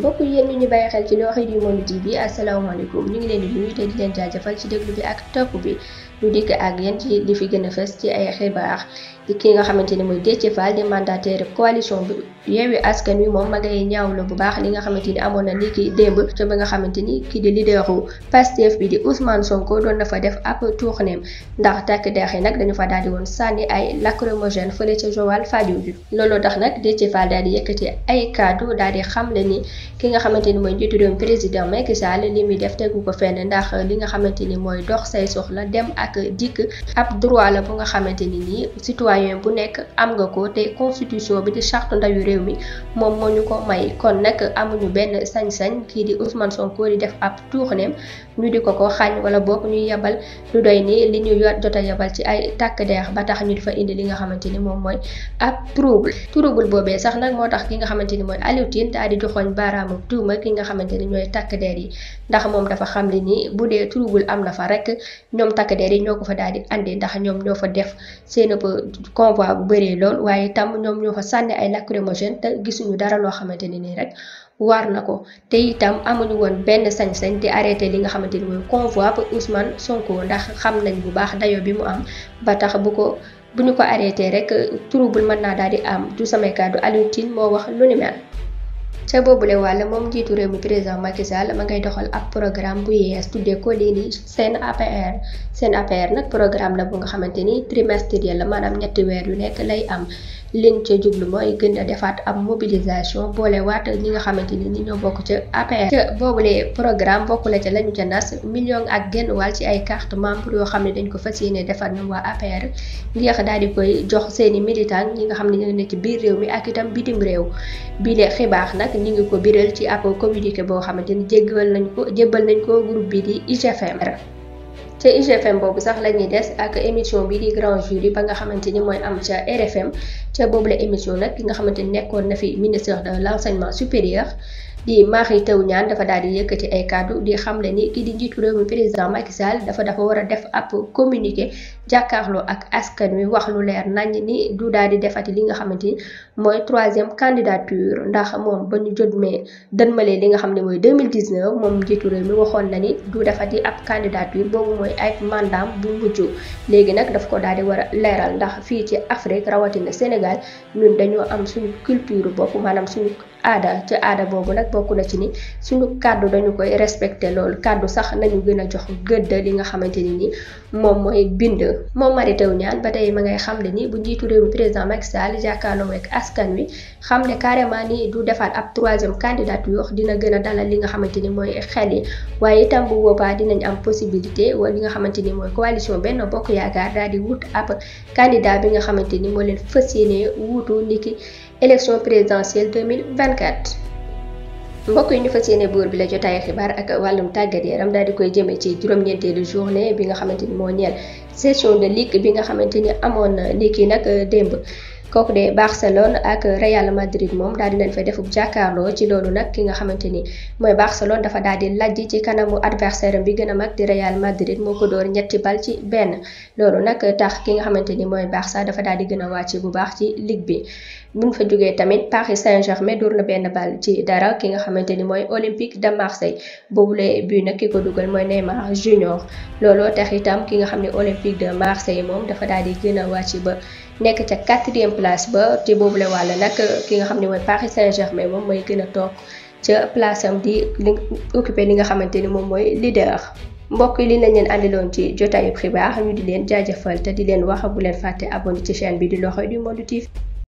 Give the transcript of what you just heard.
mbokk yéen ñu ñu bàyyi xel ci l'oreille du monde TV bi asalaamaaleykum ñu ngi leen di nuyu te di leen jaajëfal ci déglu bi ak topp bi ñu dikk ak yéen ci li fi gën a fës ci ay xibaar di ki nga xamante ni mooy Déthié Fall di mandataire coalition bi Yewwi Askan Wi moom ma ngay la bu baax li nga xamante ni amoon na ni ki ba nga xamante ni ki di leaderu Pastef bi di Ousmane Sonko doon na fa def ab tournée ndax yi nag dañu fa daal di woon sànni ay lacrymogène fële ca Joal Fadiouth looloo tax nag Déthié Fall daal di yëkkati ay ni ki nga xamante ni mooy njiitu réewum président Macky Sall li muy def tegu ko fenn ndax li nga xamante ni mooy dox say soxla dem ak ak dik ab droit la bu nga xamanteni ni citoyen bu nek am nga ko te constitution bi di charte ndayu réew mi mom moñu ko may kon nak amuñu ben sañ-sañ ki di Ousmane Sonko di def ab tournem ñu di ko ko xagn wala bok ñuy yabal du doy ni li ñu yott jot yabal ci ay tak deex ba tax ñu difa indi li nga xamanteni mom moy ab trouble trouble bobé sax nak motax ki nga xamanteni moy Aliou Tine daal di joxoñ tuuma ki nga xamanteni ñoy tak deer yi ndax mom dafa xam li ni bu trouble am na fa rek ñom tak deer ñoo ko fa daal di andi ndax ñoom ñoo fa def seen convoi bu bëree lool waaye tam ñoom ñoo fa sànni ay lacrymogène te gisuñu dara loo xamante ne nii rek war na ko te itam amuñu woon benn sañ-sañ di arrêté li nga xamante ni mooy convoi bu Ousmane Sonko ndax xam nañ bu baax dayo bi mu am ba tax bu ko bu ñu ko arrêté rek trouble mën naa daal di am du samay kàddu Alioune Tine moo wax lu ni mel. ca la wàll moom njiitu réew mi président Macky Sall ma ngay doxal ab programme bu yees tuddee ko lii di seen APR seen APR nag programme la bu nga xamante ni trimestriel la maanaam ñetti weer yu nekk lay am leen ca jublu mooy gën a defaat am mobilisation boolewaat ñi nga xamante ni ñi ñoo bokk ca APR ca boobule programme bokk la ca lañu ca nas million ak genn wàll ci ay carte membre yoo xam ne dañ ko fas yéene defar ñoom waa APR ngir daal di koy jox seeni militant ñi nga xam ne ñu ngi nekk biir réew mi ak itam bitim réew bi le xibaax nag ñu ngi ko biral ci ab communiqué boo xamante ni jéggal nañ ko jébbal nañ ko groupe bi di IGFM te IGFM boobu sax la ñuy des ak émission bi di grand jury ba nga xamante ni mooy am ca RFM ca boobu la émission nag ki nga xamante ni nekkoon na fi ministre de l'enseignement supérieur di yi Teuw ñaan dafa daal di yëkkati ay kàddu di xamle ni kii di njiitu réew mi président Macky Sall dafa dafa war a def ab communiqué jàkkaarloo ak askan wi wax lu leer nañ ni du daal di defati li nga xamante ni mooy troisième candidature ndax moom ba ñu jot mais dënmalee li nga xam ne mooy 2019 moom njiitu réew mi waxoon na ni du defati ab candidature boobu mooy ay mandaam bu mujj léegi nag daf ko daal di war a leeral ndax fii ci Afrique rawatina Sénégal ñun dañoo am suñu culture bopp maanaam suñu aada ci aada boobu nag bokk na ci ni suñu kàddu dañu koy respecté loolu kàddu sax nañu gën a jox gëdd li nga xamante ni ni moom mooy bind moom Mary Teuw Niane ba tey ma ngay xam ne ni bu njiitu réew mi président Macky jàkkaarloo askan wi xam ne carrément ni du defaat ab troisième candidature dina gën a li nga xamante ni mooy xel yi waaye itam bu boobaa dinañ am possibilité wala li nga xamante ni mooy coalition benn bokk yaakaar daal di wut ab candidat bi nga xamante ni moo leen fas yéene wuutu niki élection présidentielle 2024 mbokk yi ñu fas yéene buur bi la jotaayu xibaar ak wàllum tàggat yaram daal di koy jëmee ci juróom-ñeenteelu journée bi nga xamante ni moo ñeel session de ligue bi nga xamante ni amoon na ni kii nag euh, démb. kooku de Barcelone ak Real Madrid moom daal di leen fay defub jàkkaarloo ci loolu nag ki nga xamante ni mooy Barcelone dafa daal di lajj ci kanamu adversaire bi gën a mag di Real Madrid moo ko door ñetti bal ci benn loolu nag tax ki nga xamante ni mooy Barça dafa daal di gën a wàcc bu baax ci ligue bi. bu mu fa jógee tamit Paris Saint-Germain door na benn bal ci dara ki nga xamante ni mooy Olympique de boobu boobule bii nag ki ko dugal mooy Neymar Junior looloo tax itam ki nga xam ne Olympique de Marseille moom dafa daal di gën a wàcc ba. nekk ca quatrième place ba te boobule wàll nag ki nga xam ne mooy Paris Saint-Germain moom mooy gën a toog ca place am di li occupé li nga xamante ni moom mooy leader. mbokk yi li lañ leen andiloon ci jotaayu xibaar ñu di leen jaajëfal te di leen waxagu leen fàtte abonné ci chaîne bi di l'oreille du monde TV